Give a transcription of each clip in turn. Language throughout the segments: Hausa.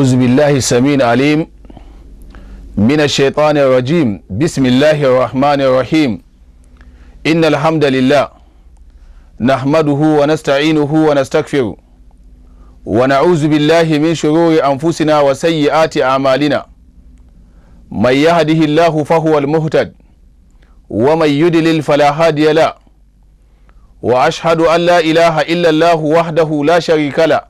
أعوذ بالله السميع العليم من الشيطان الرجيم بسم الله الرحمن الرحيم إن الحمد لله نحمده ونستعينه ونستغفره ونعوذ بالله من شرور أنفسنا وسيئات أعمالنا من يهده الله فهو المهتد ومن يدلل فلا هادي له وأشهد أن لا إله إلا الله وحده لا شريك له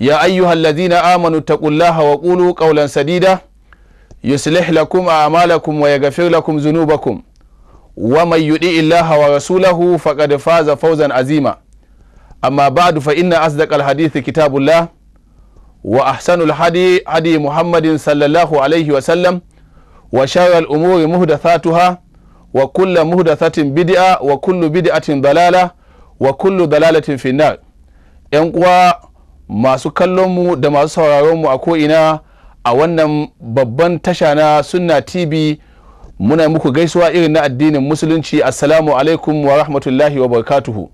يا أيها الذين آمنوا اتقوا الله وقولوا قولا سديدا يصلح لكم أعمالكم ويغفر لكم ذنوبكم ومن يطع الله ورسوله فقد فاز فوزا عظيما أما بعد فإن أصدق الحديث كتاب الله وأحسن الحدي هدي محمد صلى الله عليه وسلم وشر الأمور محدثاتها وكل محدثة بدعة وكل بدعة ضلالة وكل ضلالة في النار 'yan uwa masu kallonmu da masu sauraronmu a ko'ina a wannan babban tasha na sunna tv muna muku gaisuwa irin na addinin musulunci assalamu alaikum wa rahmatullahi wa barkatuhu.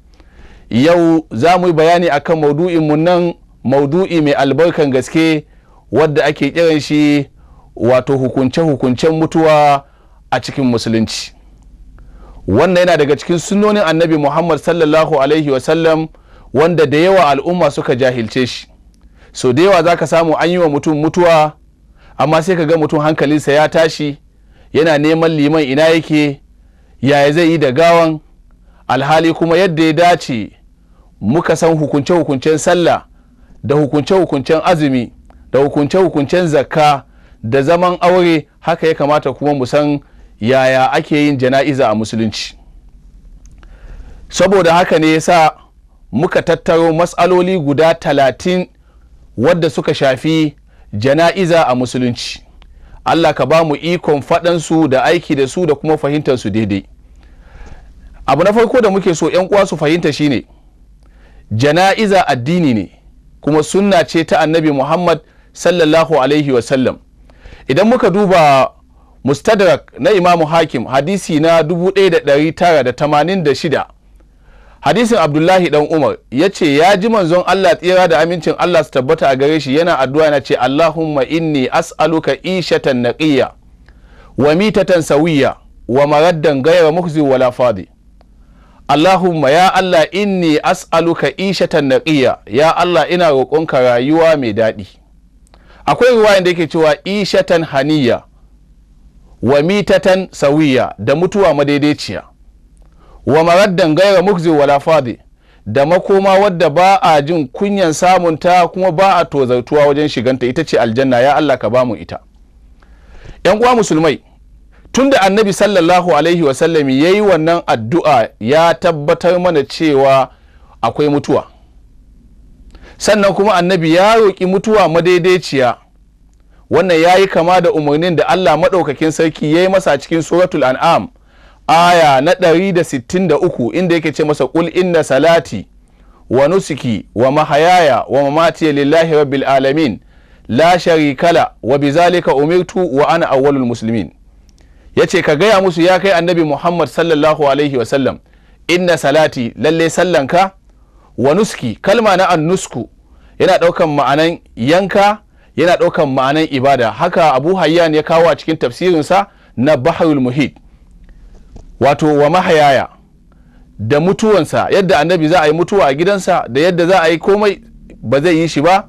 yau za mu yi bayani akan maudu'in mu nan maudu'i mai albarkan gaske wadda ake kiran shi wato hukunce-hukuncen mutuwa a cikin musulunci wannan yana daga cikin sunnonin annabi muhammad sallallahu alaihi wasallam wanda da yawa al'umma suka jahilce shi so da yawa za ka samu an yi wa mutum mutuwa amma sai ka ga mutum hankalinsa ya tashi yana neman liman ina yake yaya zai yi da gawan alhali kuma yadda ya dace muka san hukunce-hukuncen sallah da hukunce-hukuncen azumi da hukunce-hukuncen zakka da zaman aure haka ya kamata kuma mu san yaya ake yin jana'iza a musulunci saboda haka ne ya sa muka tattaro matsaloli guda talatin wadda suka shafi jana'iza a musulunci Allah ka ba mu ikon faɗansu da aiki da su da kuma fahimtarsu daidai abu na farko da muke so 'yan uwa su fahimta shine jana'iza addini ne kuma sunna ce ta annabi muhammad sallallahu alaihi wasallam idan muka duba mustadrak na imamu hakim hadisi na 1986 hadisin abdullahi dan umar ya ce ya ji manzon allah tsira da amincin allah su tabbata a gare shi yana addu'a yana ce allahumma inni as'aluka ishatan naqiyya wa mitatan sawiyya wa maraddan gaira mukhzi wala fadi allahumma ya allah inni as'aluka ishatan naqiyya ya allah ina roƙonka rayuwa mai daɗi akwai ruwayan da yake cewa ishatan haniya wa mitatan sawiyya da mutuwa madaidaiciya wa maraddan gaira mukzi wala fadi da makoma wadda ba a jin kunyan samunta kuma ba a tozartuwa wajen shiganta ita ce aljanna ya Allah ka bamu ita yan uwa musulmai tunda annabi sallallahu alaihi wasallam ya yi wannan addu'a ya tabbatar mana cewa akwai mutuwa sannan kuma annabi ya roƙi mutuwa madaidaiciya wannan ya yi kama da umarnin da Allah maɗaukakin sarki ya yi masa cikin suratul an'am aya na 163 inda yake ce masa kul inna salati wa Nuski wa mahayaya wa mamati lillahi rabbil alamin la sharikala wa bizalika umirtu wa ana awwalul muslimin yace ka gaya musu ya kai annabi Muhammad sallallahu alaihi wa sallam inna salati lalle sallanka wa nuski kalma na annusku yana daukan ma'anan yanka yana daukan ma'anan ibada haka Abu Hayyan ya kawo a cikin tafsirinsa na Bahrul Muhit wato wa mahayaya da mutuwansa yadda annabi za a yi mutuwa a gidansa da yadda za a yi komai ba zai yi shi ba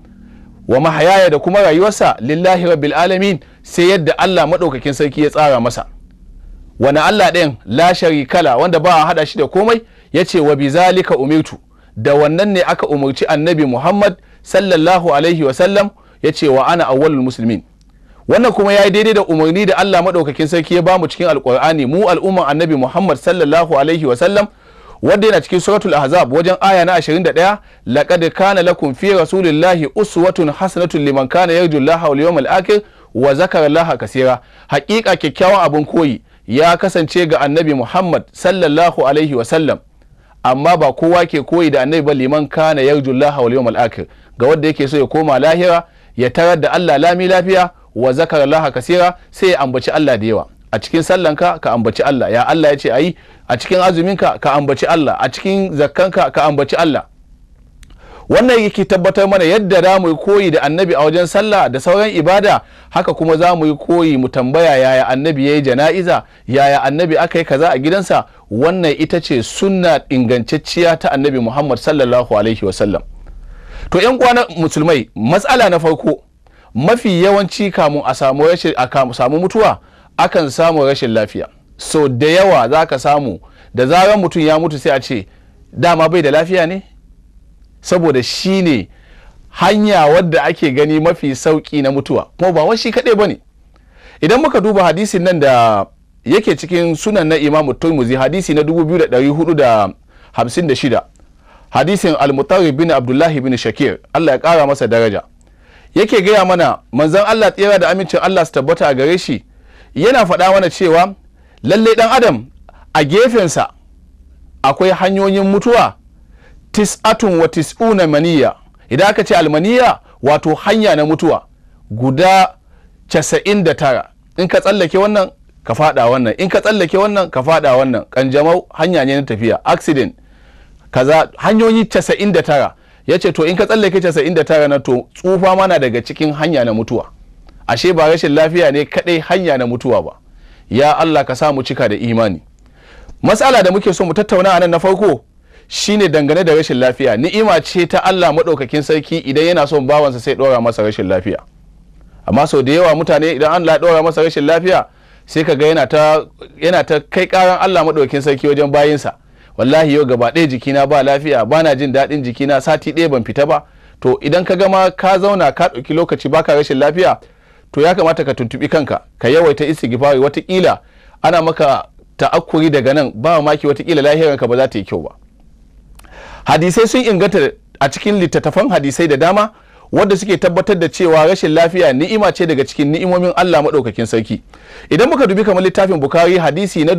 wa mahayaya da kuma rayuwarsa lillahi rabbil alamin sai yadda Allah maɗaukakin sarki ya tsara masa wani Allah ɗin la sharikala wanda ba a haɗa shi da komai ya ce wa bizalika umirtu da wannan ne aka umarci annabi Muhammad sallallahu alaihi sallam, ya ce wa ana awwalul muslimin wannan kuma ya yi daidai da umarni da Allah maɗaukakin sarki ya bamu cikin alƙur'ani mu al'umman annabi Muhammad sallallahu alaihi wa sallam wanda yana cikin suratul ahzab wajen aya na 21 laqad kana lakum fi rasulillahi uswatun hasanatun liman kana yarju Allah wal yawmal akhir wa zakara Allah kaseera kyakkyawan abun koyi ya kasance ga annabi Muhammad sallallahu alaihi wa sallam amma ba kowa ke koyi da annabi ba liman kana yarju Allah wal yawmal akhir ga wanda yake so ya koma lahira ya tarar da Allah lami lafiya wa zakar laha kasira sai ya ambaci Allah da yawa a cikin sallanka ka ambaci Allah ya Allah ya ce ayi a cikin azuminka ka ambaci Allah a cikin zakkanka ka ambaci Allah wannan yake tabbatar mana yadda za mu yi koyi da annabi a wajen sallah da sauran ibada haka kuma za mu yi koyi mu tambaya yaya annabi ya yi jana'iza yaya annabi aka yi kaza a gidansa wannan ita ce sunna ingantacciya ta annabi muhammad sallallahu alaihi wasallam to yan uwa musulmai matsala na farko mafi yawanci kamun a samu mutuwa akan samu rashin lafiya so da yawa za ka samu da zarar mutum ya mutu sai a ce dama bai da lafiya ne saboda shi ne hanya wadda ake gani mafi sauƙi na mutuwa kuma ba wai shi kaɗai ba ne idan muka duba hadisin nan da yake cikin sunan na imamu turmuzi hadisi na 2456 hadisin al bin abdullahi bin shakir allah ya ƙara masa daraja yake gaya mana manzan Allah tsira da amincin Allah su tabbata a gare shi yana faɗa mana cewa lallai ɗan adam a gefensa akwai hanyoyin mutuwa tis'atun wa tis'una maniya idan aka ce almaniya wato hanya na mutuwa guda casa'in da tara in ka tsallake wannan ka fada wannan in ka tsallake wannan ka fada wannan kanjamau hanya ne na tafiya accident kaza hanyoyi casa'in da tara ya ce to in ka tsallake casa'in da tara na to tsufa mana daga cikin hanya na mutuwa ashe ba rashin lafiya ne kadai hanya na mutuwa ba ya allah ka sa mu cika da imani matsala da muke so mu tattauna a nan na farko shine dangane da rashin lafiya ni'ima ce ta allah maɗaukakin sarki idan yana son bawansa sai ɗora masa rashin lafiya amma sau da yawa mutane idan allah ɗora masa rashin lafiya sai ka ga yana ta kai ƙaran allah maɗaukakin sarki wajen bayinsa wallahi yau gaba ɗaya jikina ba lafiya ba na jin daɗin jikina sati ɗaya ban fita ba to idan ka gama ka zauna ka ɗauki lokaci ba ka rashin lafiya to ya kamata ka tuntuɓi kanka ka yawaita istighfari watakila ana maka ta'akkuri daga nan ba maki watakila lahiranka ba za ta yi kyau ba hadisai sun inganta a cikin littattafan hadisai da dama wadda suke tabbatar da cewa rashin lafiya ni'ima ce daga cikin ni'imomin Allah maɗaukakin sarki idan muka dubi kamar littafin bukari hadisi na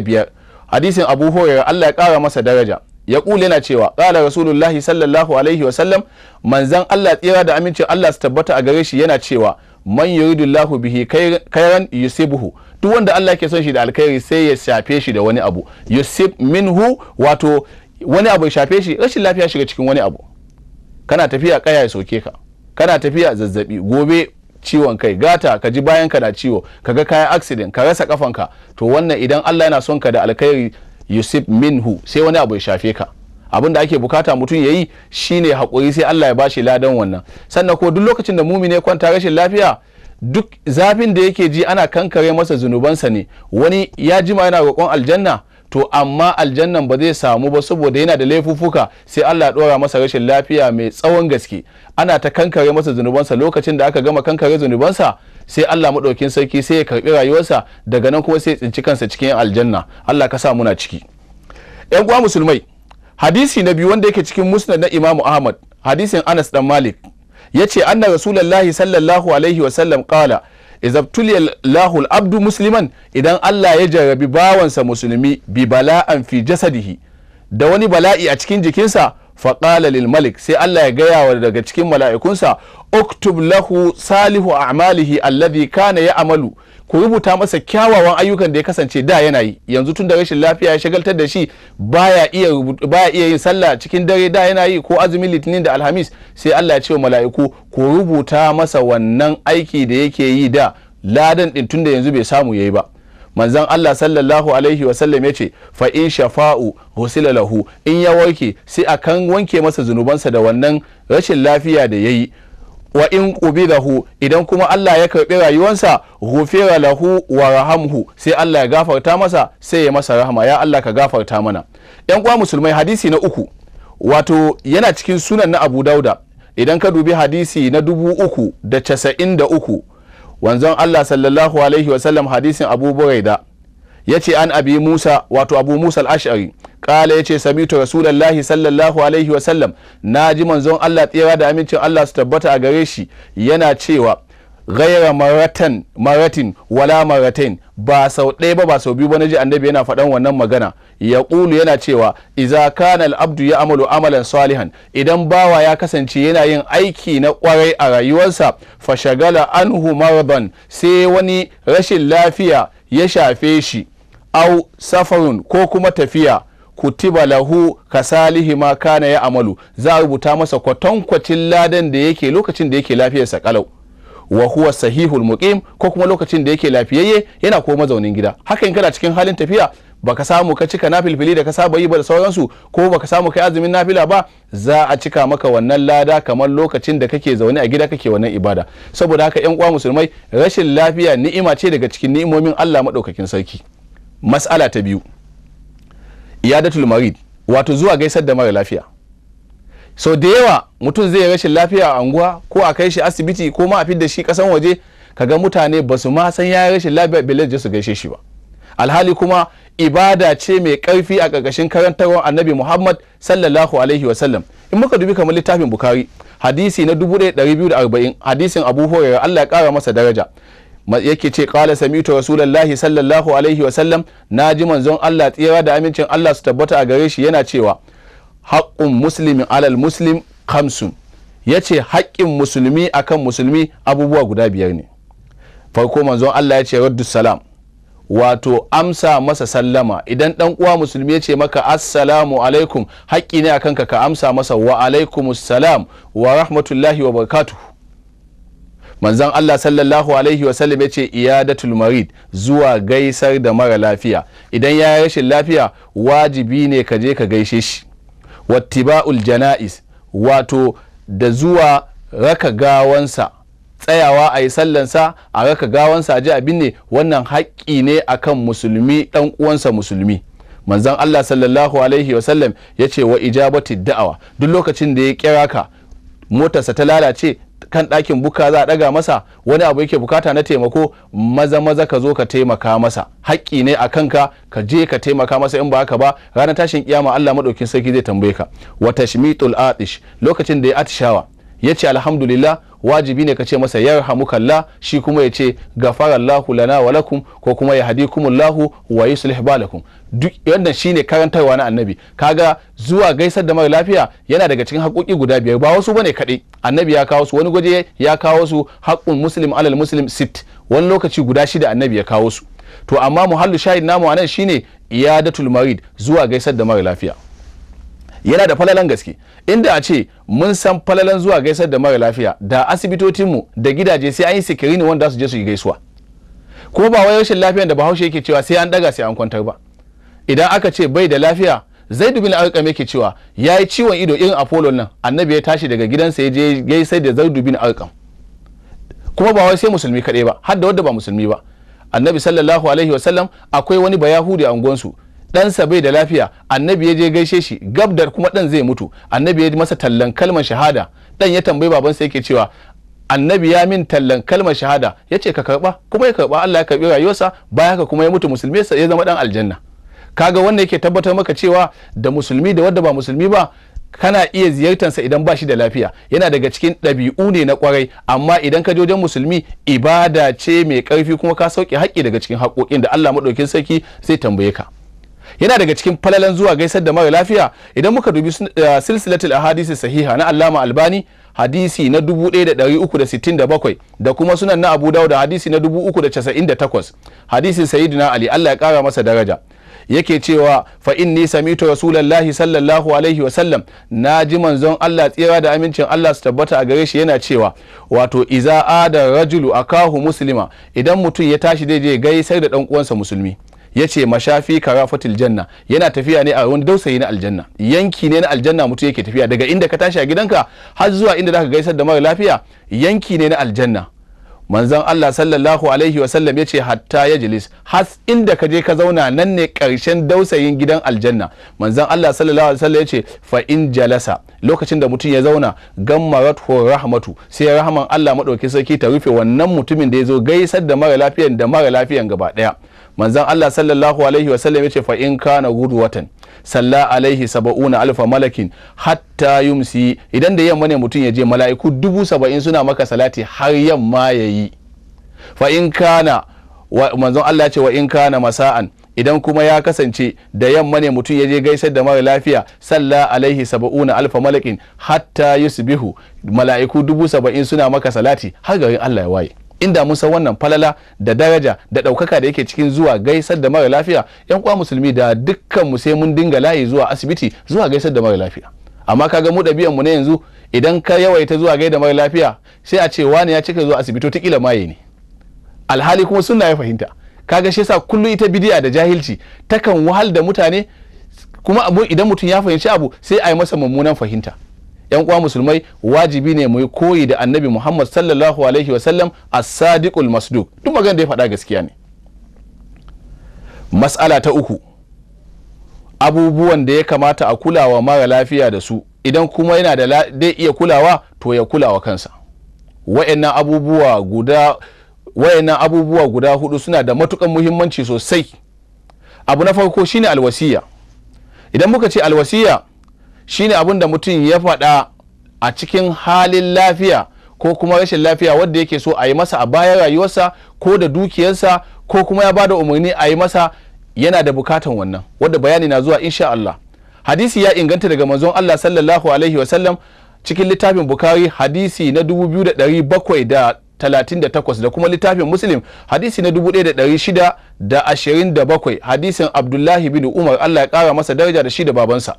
biyar. hadisin abu hurairah Allah ya kara masa daraja ya kule na cewa kala rasulullahi sallallahu alaihi wa sallam manzan Allah tsira da amincin Allah su tabbata a gare shi yana cewa man yuridullahu bihi khairan yusibuhu duk wanda Allah ke son shi da alkhairi sai ya shafe shi da wani abu yusib minhu wato wani abu ya shafe shi rashin lafiya shiga cikin wani abu kana tafiya kaya ya soke ka kana tafiya zazzabi gobe ciwon kai gata ka ji bayan ka na ciwo ka ga kayan accident ka rasa kafanka to wannan idan Allah yana son ka da alkhairi yusuf minhu sai wani abu ya shafe ka abin da ake bukata mutum ya yi shine haƙuri sai Allah ya bashi ladan wannan sannan ko duk lokacin da mumi ya kwanta rashin lafiya duk zafin da yake ji ana kankare masa zunubansa ne wani ya jima yana roƙon aljanna to amma aljannan ba zai samu ba saboda yana da laifuffuka sai Allah ya dora masa rashin lafiya mai tsawon gaske ana ta kankare masa zunubansa lokacin da aka gama kankare zunubansa sai Allah madaukin sarki sai ya karbi rayuwarsa daga nan kuma sai ya tsinci kansa cikin aljanna Allah ka sa muna ciki yan uwa musulmai hadisi na biyu wanda yake cikin musnad na Imam Ahmad hadisin Anas dan Malik yace anna rasulullahi sallallahu alaihi wasallam kala idza lahu abdu musliman idan Allah ya jarrabi bawansa musulmi bi bala'an fi jasadihi da wani bala'i a cikin jikinsa faƙala lil malik sai Allah ya gaya wa daga cikin mala'ikunsa uktub lahu salihu a'malihi alladhi kana ya amalu ku rubuta masa kyawawan ayyukan da ya kasance da yana yi yanzu tun da rashin lafiya ya shagaltar da shi baya iya iya yin sallah cikin dare da yana yi ko azumin litinin da alhamis sai Allah ya ce wa mala'iku ku rubuta masa wannan aiki da yake yi da ladan din tun da yanzu bai samu yayi ba manzon Allah sallallahu alaihi wa sallam ya ce fa in shafa'u husila lahu in ya warke sai akan wanke masa zunubansa da wannan rashin lafiya da yayi wa in rahu idan kuma Allah ya karbi rayuwansa ghufira lahu wa rahamhu sai Allah ya gafarta masa sai ya masa rahama ya Allah ka gafarta mana yan uwa musulmai hadisi na uku wato yana cikin sunan na Abu Dauda idan ka dubi hadisi na dubu uku da casa'in da uku wanzan Allah sallallahu alaihi wasallam hadisin Abu Buraida ya ce an abi Musa wato Abu Musa al-Ash'ari kala ce samitu rasulullahi sallallahu alaihi wasallam na naji manzon Allah tsira da amincin Allah su tabbata a gare shi yana cewa gaira maratin wala maratain ba sau ɗaya ba ba sau biyu ba naji annabi yana faɗan wannan magana ya ƙulu yana cewa iza Kanal abdu ya amalu amalan salihan idan bawa ya kasance yana yin aiki na ƙwarai a rayuwarsa fashagala anhu marban sai wani rashin lafiya ya shafe shi au safarun ko kuma tafiya kutiba lahu kasalihi ma kana ya amalu za a rubuta masa kwatankwacin ladan da yake lokacin da yake lafiyarsa kalau wa huwa sahihul muqim ko kuma lokacin da yake lafiyayye yana ko mazaunin gida hakan kana cikin halin tafiya baka samu ka cika nafilfili da ka saba yi ba da sauransu ko baka samu kai azumin nafila ba za a cika maka wannan lada kamar lokacin da kake zaune a gida kake wannan ibada saboda haka yan uwa musulmai rashin lafiya ni'ima ce daga cikin ni'imomin Allah madaukakin sarki mas'ala ta biyu iyadatul marid wato zuwa gaisar da mara lafiya so da yawa mutum zai rashin lafiya a anguwa ko a kai shi asibiti ko ma a fidda shi kasan waje ka ga mutane ba su ma san ya rashin lafiya bele su gaishe shi ba alhali kuma ibada ce mai karfi a ƙarƙashin karantarwar annabi muhammad sallallahu alaihi wasallam in muka dubi kamar littafin bukari hadisi na da arba'in hadisin abu hurairah allah ya kara masa daraja yake ce sami sami'tu rasulullahi sallallahu alaihi wa sallam naji manzon Allah tsira da amincin Allah su tabbata a gare shi yana cewa haqqun muslimin alal muslim khamsun yace haƙƙin musulmi akan musulmi abubuwa guda biyar ne farko manzon Allah ya ce salam wato amsa masa sallama idan dan uwa musulmi ya ce maka assalamu alaikum haƙƙi ne akan ka ka amsa masa wa alaikumus salam wa rahmatullahi wa barakatuhu manzon Allah sallallahu alaihi wasallam ya ce iyadatul marid zuwa gaisar da mara lafiya idan ya rashin lafiya wajibi ne ka je ka gaishe shi wattiba'ul jana'is wato da zuwa raka gawansa tsayawa a yi sallansa a raka gawansa a ji abin ne wannan haƙƙi ne a kan musulmi ɗan uwansa musulmi manzon Allah sallallahu alaihi wasallam ya ce wa ijabatu da'awa duk lokacin da ya kira ka motarsa ta lalace kan ɗakin buka za a ɗaga masa wani abu yake bukata na taimako maza maza ka zo ka taimaka masa haƙƙi ne a kanka ka je ka taimaka masa in ba haka ba ranar tashin kiyama Allah maɗaukin sarki zai tambaye ka wa tashmitul atish lokacin da ya atishawa ya ce alhamdulillah wajibi ne ka ce masa yarhamukallah shi kuma ya ce gafarallahu lana wa lakum ko kuma ya hadikumullahu wa yuslih balakum duk wannan shine karantarwa na annabi kaga zuwa gaisar da mara lafiya yana daga cikin haƙoƙi guda biyar ba wasu bane kaɗai annabi ya kawo su wani gwaje ya kawo su haƙƙun muslim alal muslim sit wani lokaci guda shida annabi ya kawo su to amma muhallu shahid namu anan shine iyadatul marid zuwa gaisar da mara lafiya yana da falalan gaske inda a ce mun san falalan zuwa gaisar da mara lafiya da mu da gidaje sai an yi sikirini wanda su je su yi gaisuwa ko ba wai rashin lafiyan da bahaushe yake cewa sai an daga sai an kwantar ba idan aka ce bai da lafiya zaidu bin arkam yake cewa ya yi ciwon ido irin apollo nan annabi ya tashi daga gidansa ya je gaisar da zaidu bin arkam kuma ba wai sai musulmi kaɗai ba har da wadda ba musulmi ba annabi sallallahu alaihi wasallam akwai wani bayahudi a unguwansu ɗansa bai da lafiya annabi ya je gaishe shi gab da kuma ɗan zai mutu annabi ya masa tallan kalmar shahada ɗan ya tambayi babansa yake cewa annabi ya min tallan kalmar shahada ya ce ka karɓa kuma ya karɓa Allah ya karɓi rayuwarsa baya ka kuma ya mutu musulmi ya zama ɗan aljanna kaga wannan yake tabbatar maka cewa da musulmi da wadda ba musulmi ba kana iya ziyartar sa idan ba shi da lafiya yana daga cikin ɗabi'u ne na kwarai amma idan ka wajen musulmi ibada ce mai ƙarfi kuma ka sauke haƙƙi daga cikin haƙoƙin da Allah maɗaukin sarki zai tambaye ka yana daga cikin falalan zuwa gaisar da mara lafiya idan muka dubi eh, silsilatul ahadisi sahiha na allama albani hadisi na 1367 da kuma sunan na abu dawud hadisi na 398 hadisi sayyidina ali allah ya kara masa daraja yake cewa fa inni samitu rasulullahi sallallahu alaihi wa sallam na ji manzon Allah tsira da amincin Allah su tabbata a gare shi yana cewa wato iza ada rajulu akahu muslima idan mutum ya tashi zai je gaisar da ɗan uwansa musulmi ya ce mashafi karafatil janna yana tafiya ne a wani dausayi na aljanna yanki ne na aljanna mutum yake tafiya daga inda ka tashi a gidanka har zuwa inda zaka gaisar da mara lafiya yanki ne na aljanna manzon Allah sallallahu alaihi wa sallam yace hatta yajlis has inda ka je ka zauna nan ne karshen dausayin gidan aljanna manzon Allah sallallahu alaihi wa sallam yace fa in jalasa lokacin da mutum ya zauna gammarat hu rahmatu sai rahman Allah madauki sarki ta rufe wannan mutumin da ya zo gaisar da mara lafiyan da mara lafiyan gaba ɗaya. manzon Allah sallallahu alaihi wa sallam yace fa in kana watan salla alaihi saba'una alfa malakin hatta yumsi idan da yamma ne mutum ya je mala'iku dubu saba'in suna maka salati har yamma yayi fa in kana manzon Allah ce wa in kana masa'an idan kuma ya kasance da yamma ne mutum ya je gaisar da mara lafiya salla alaihi saba'una alfa malakin hatta yusbihu mala'iku dubu saba'in suna maka salati har garin Allah ya waye inda mun san wannan falala da daraja da ɗaukaka da yake cikin zuwa gaisar da mara lafiya yan kwa musulmi da dukkan mu sai mun dinga layi zuwa asibiti zuwa gaisar da mara lafiya amma kaga mu ɗabi'an mu na yanzu idan ka yawaita zuwa gaida mara lafiya sai a ce wani ya cika zuwa asibiti ta kila maye ne alhali kuma sunna ya fahimta kaga shi yasa kullu ita bidiya da jahilci takan wahal da mutane kuma idan mutum ya fahimci abu sai a yi masa mummunan fahimta yan uwa musulmai wajibi ne mu yi koyi da annabi muhammad sallallahu alaihi wasallam as-sadiqul masduq duk magana da ya faɗa gaskiya ne mas'ala ta uku abubuwan da ya kamata a kulawa mara lafiya da su idan kuma yana da dai iya kulawa to ya kulawa kansa wayannan abubuwa guda wayannan abubuwa guda hudu suna da matukan muhimmanci sosai abu na farko shine alwasiya idan muka ce alwasiya shi shine abin da mutum ya faɗa a cikin halin lafiya ko kuma rashin lafiya wadda yake so a yi masa a bayan rayuwarsa ko da dukiyarsa ko kuma ya bada umarni a yi masa yana da bukatan wannan wanda bayani na zuwa insha Allah hadisi ya inganta daga manzon Allah sallallahu alaihi wasallam cikin littafin bukari hadisi na 2738 da kuma littafin Muslim hadisi na 1627 hadisin Abdullahi bin Umar Allah ya kara masa daraja da shi da babansa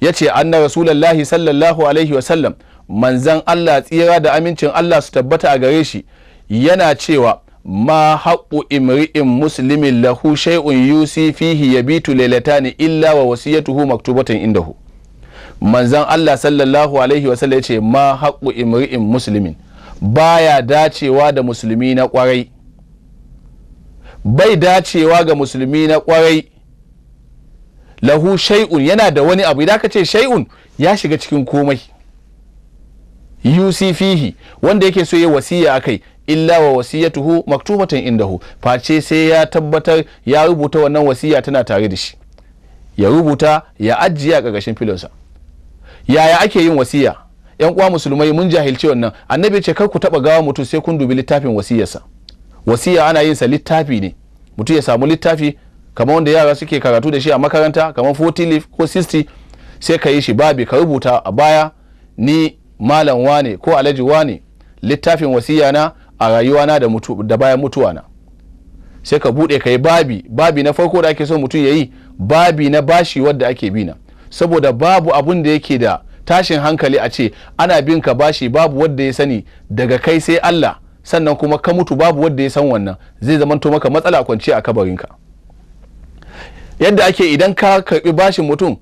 ya ce anna rasulallahi sallallahu alaihi wasallam manzan Allah tsira da amincin Allah su tabbata a gare shi yana cewa ma haƙƙu imri'in muslimin lahu shay'un yusi fihi yabitu lailatani illa wa wasiyatuhu maktubatan indahu manzan Allah sallallahu alaihi wasallam ya ce ma haƙƙu imri'in muslimin baya dacewa da musulmi na ƙwarai bai dacewa ga musulmi na ƙwarai lahu shay'un yana da wani abu idan ka ce shay'un ya shiga cikin komai yusi fihi wanda yake so ya wasiya akai illa wa wasiyatuhu maktubatan indahu face sai ya tabbatar ya rubuta wannan wasiya tana tare da shi ya rubuta ya ajiya a filonsa yaya ake yin wasiya yan uwa musulmai mun jahilce wannan annabi ce kar ku taba gawa mutum sai kun dubi littafin wasiyarsa wasiya ana yin sa littafi ne mutum ya samu littafi kamar wanda yara suke karatu da shi a makaranta kamar 40 leaf ko 60 sai ka yi shi babi ka rubuta a baya ni malam wane ko alhaji wane littafin wasiya na a rayuwa na da, mutu, da bayan na sai ka bude ka yi babi babi na farko da ake so mutum ya yi babi na bashi wadda ake bina saboda babu abun da yake da tashin hankali a ce ana bin ka bashi babu wadda ya sani daga kai sai Allah sannan kuma ka mutu babu wadda ya san wannan zai zamanto maka matsala kwanci a kabarinka. yadda ake idan ka karbi bashin mutum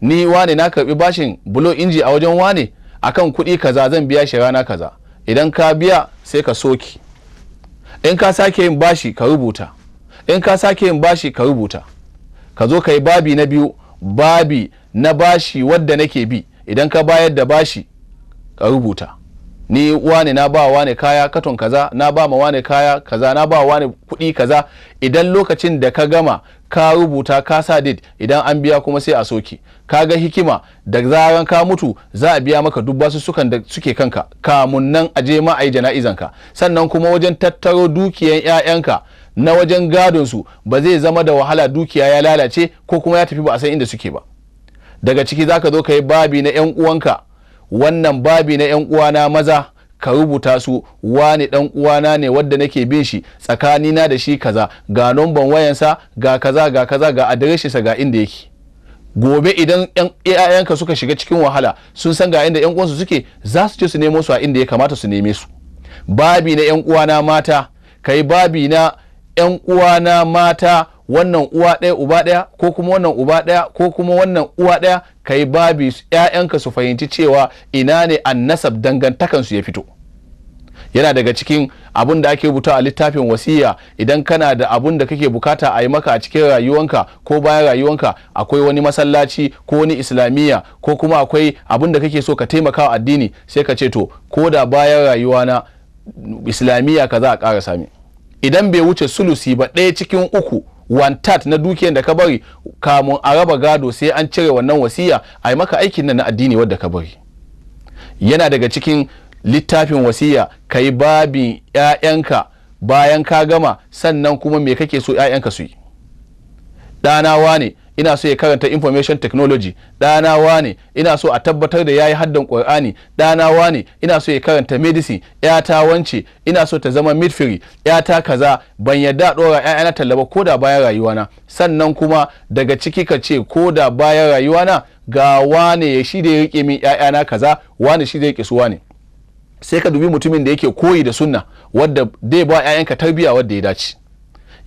ni wane na karbi bashin bulo inji a wajen wane akan kuɗi kaza zan biya shi rana kaza idan ka biya sai ka soki in ka sake yin bashi ka rubuta in ka sake yin bashi ka rubuta ka zo ka yi babi na biyu babi na bashi wadda nake bi idan ka bayar da bashi ka rubuta ni wane na ba wane kaya katon kaza na ba ma wane kaya kaza na ba wane kuɗi kaza idan lokacin da ka gama ka rubuta ka sa date idan an biya kuma sai a soke ka ga hikima da zaran ka mutu za a biya maka duk basu sukan da suke kanka kamun nan a je ma a yi jana'izanka sannan kuma wajen tattaro dukiyan 'ya'yanka na wajen gadon su ba zai zama da wahala dukiya ya lalace ko kuma ya tafi ba a san inda suke ba daga ciki zaka zo ka yi babi na 'yan uwanka wannan babi na 'yan uwana maza ka rubuta su wani dan uwana ne wadda nake bin shi tsakani na da shi kaza ga nomban wayansa ga kaza ga kaza ga adireshinsa ga inda yake gobe idan yayanka suka shiga cikin wahala sun san ga inda yan uwansu suke za su je su nemo su a inda ya kamata su neme su babi na yan uwana mata kai babi na yan uwana mata wannan uwa ɗaya uba ɗaya ko kuma wannan uba ɗaya ko kuma wannan uwa ɗaya yi babi ‘ya'yanka su fahimci cewa ina ne annasab dangantakansu ya fito yana daga cikin abin da ake rubuta a littafin wasiya idan kana da abin da kake bukata a yi maka a cikin rayuwanka ko bayan rayuwanka akwai wani masallaci ko wani islamiyya ko kuma akwai abin da kake so ka taimaka addini sai ka ce to ko da bayan na islamiyya ka za a ƙara sami idan bai wuce sulusi ba ɗaya cikin uku one na dukiyar da ka bari kamun a raba gado sai an cire wannan wasiya a yi maka aikin nan na addini wadda ka bari yana daga cikin littafin wasiya ka yi babin 'ya'yanka bayan ka gama sannan kuma me kake so 'ya'yanka su yi ɗanawa ne ina so ya karanta information technology ɗana wane ina so a tabbatar da yayi haddan qur'ani ɗana wane ina so ya karanta medicine yata wance ina so ta zama midfiri yata kaza ban yadda ɗora ƴaƴana tallaba ko da bayan rayuwana sannan kuma daga ciki ka ce ko da bayan rayuwana ga wane ya shi da ya rike min ƴaƴana kaza wane shi da ya rike su wane sai ka dubi mutumin da yake koyi da sunna wadda dai ba 'ya'yanka tarbiya wadda ya dace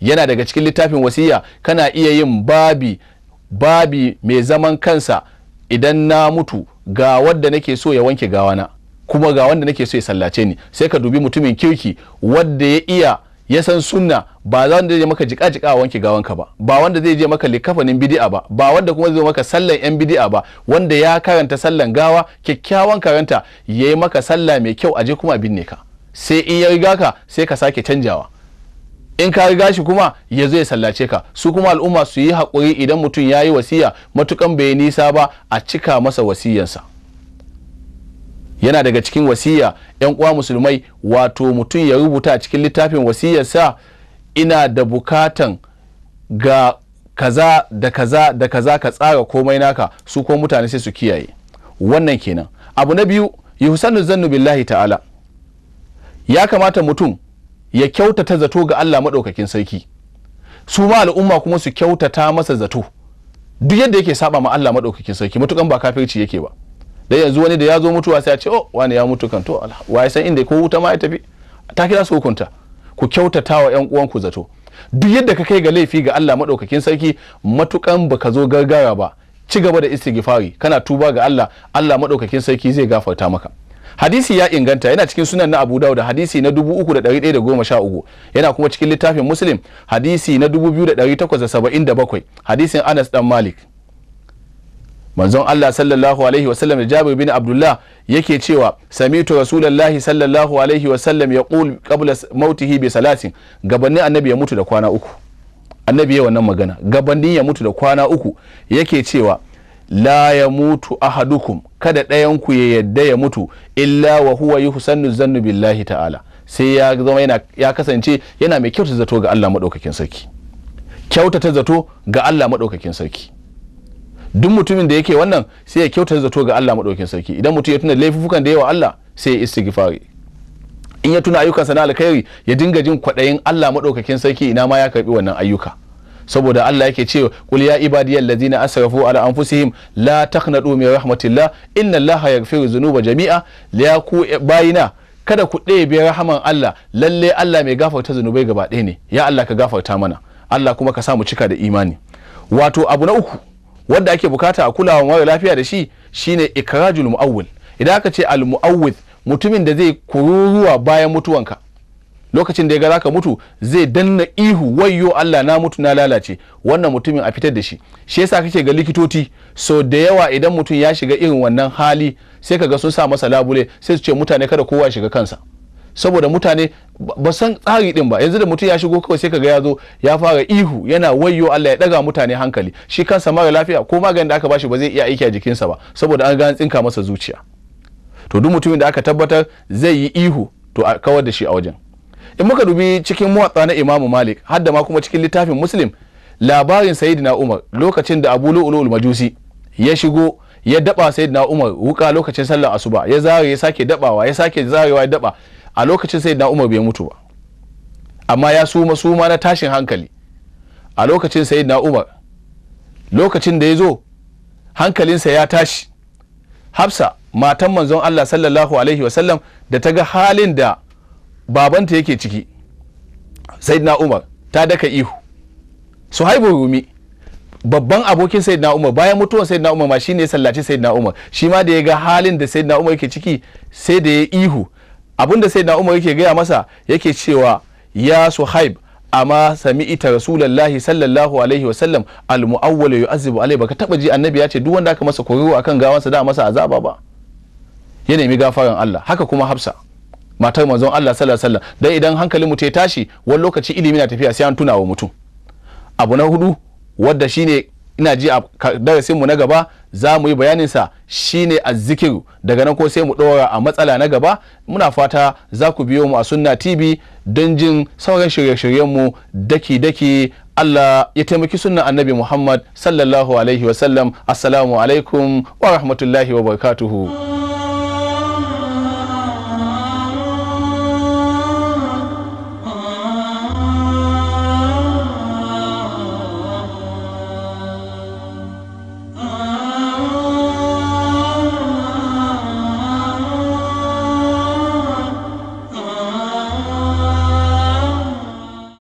yana daga cikin littafin wasiya kana iya yin babi babi mai zaman kansa idan na mutu ga wadda nake so ya wanke gawana kuma ga wanda nake so ya sallace ni sai ka dubi mutumin kirki wadda ya iya ya san sunna ba za wanda zai je maka jika jika wanke gawanka ba ba wanda zai je maka likafanin bidi'a ba ba wanda kuma zai maka sallan yan bidi'a ba wanda ya karanta sallan gawa kyakkyawan karanta ya yi maka salla mai kyau aje kuma binne ka sai in ya riga ka sai ka sake canjawa in ka riga shi kuma ya zo ya sallace ka su kuma al'umma su yi haƙuri idan mutum ya yi wasiya matukan bai nisa ba a cika masa wasiyansa yana daga cikin wasiya yan uwa musulmai wato mutum ya rubuta a cikin littafin wasiyarsa ina da bukatan ga kaza da kaza da kaza ka tsara komai naka su kuma mutane sai su kiyaye wannan kenan abu na biyu yuhsanu zannu billahi ta'ala ya kamata mutum ya kyautata zato ga Allah maɗaukakin sarki su ma al'umma kuma su kyautata masa zato duk yadda yake saba ma Allah maɗaukakin sarki matuƙan ba kafirci yake ba da yanzu wani da ya zo mutuwa sai a ce oh wani ya mutu kan to wa san inda ko wuta ma ya tafi ta kira su hukunta ku kyautata wa ƴan uwanku zato duk yadda ka kai ga laifi ga Allah maɗaukakin sarki matukan baka zo gargara ba ci gaba da istighfari kana tuba ga Allah Allah maɗaukakin sarki zai gafarta maka hadisi ya inganta yana cikin sunan na Abu dauda hadisi na 3113 yana kuma cikin littafin Muslim hadisi na 2877 hadisin Anas dan Malik manzon Allah sallallahu alaihi wasallam da Jabir bin Abdullah yake cewa samitu rasulullahi sallallahu alaihi wasallam ya qul qabla mautihi bi salatin gabanin annabi ya mutu da kwana uku annabi ya wannan magana gabanin ya mutu da kwana uku yake cewa la ya mutu ahadukum kada ɗayanku ya yadda ya mutu illa wa huwa yuhsannu zannu billahi ta'ala sai ya zama yana ya kasance yana mai kyautata zato ga Allah maɗaukakin sarki kyautata zato ga Allah maɗaukakin sarki duk mutumin da yake wannan sai ya kyautata zato ga Allah maɗaukakin sarki idan mutum ya tuna laifukan da yawa Allah sai ya istighfari in ya tuna ayyukansa na alkhairi ya dinga jin kwaɗayin Allah maɗaukakin sarki ina ma ya karɓi wannan ayyuka saboda Allah yake cewa kul ya ibadiyal ladina asrafu ala anfusihim la taqnatu min rahmatillah inna Allah yaghfiru dhunuba jami'a la ku bayina kada ku biyar rahaman Allah lalle Allah mai gafarta zunubai gaba ɗaya ne ya Allah ka gafarta mana Allah kuma ka samu cika da imani wato abu na uku wanda ake bukata a kulawa mara lafiya da shi shine ikrajul mu'awwil idan aka ce al mutumin da zai kururuwa bayan mutuwanka lokacin da ya ga zaka mutu zai danna ihu wayyo Allah na mutu na lalace wannan mutumin a fitar da shi shi yasa kake ga likitoci so da yawa idan mutum ya shiga irin wannan hali sai kaga sun sa masa labule sai su ce mutane kada kowa shiga kansa saboda mutane ba san tsari din ba yanzu da mutum ya shigo kawai sai kaga ya zo ya fara ihu yana wayyo Allah ya daga mutane hankali shi kansa mara lafiya ko maganin da aka bashi ba zai iya aiki a jikinsa ba saboda an ga tsinka masa zuciya to duk mutumin da aka tabbatar zai yi ihu to a kawar da shi a wajen in muka dubi cikin muwatsa na imamu malik har da ma kuma cikin littafin muslim labarin sayyidina umar lokacin da abu lu'ulul majusi ya shigo ya daba sayyidina umar wuka lokacin sallar asuba ya zare ya sake dabawa ya sake zarewa ya daba a lokacin sayyidina umar bai mutu ba amma ya suma suma na tashin hankali a lokacin sayyidina umar lokacin da ya zo hankalinsa ya tashi hafsa matan manzon Allah sallallahu alaihi wasallam da ta ga halin da babanta yake ciki sayyidina umar ta daka ihu suhaibu rumi babban abokin sayyidina umar bayan mutuwar sayyidina umar ma shine ya sallaci sayyidina umar shi ma da ya ga halin da sayyidina umar yake ciki sai da ya ihu abinda sayyidina umar yake gaya masa yake cewa ya suhaib amma ita rasulullahi sallallahu alaihi wa sallam almu'awwalu yu'azzibu alai baka taba ji annabi ya ce duk wanda aka masa kuriwa akan gawansa da masa azaba ba ya nemi gafaran Allah haka kuma Hafsa matar manzon Allah sallallahu alaihi wasallam dan idan hankalin mu ya tashi wani lokaci ilimi na tafiya sai an tuna wa mutum abu na hudu wadda shine ina ji a darasin mu na gaba za mu yi bayanin sa shine azzikir daga nan ko sai mu dora a matsala na gaba muna fata za ku biyo mu a sunna tv don jin sauran shirye-shiryen mu daki daki Allah ya taimaki sunnan annabi Muhammad sallallahu alaihi wasallam assalamu alaikum wa rahmatullahi wa barakatuhu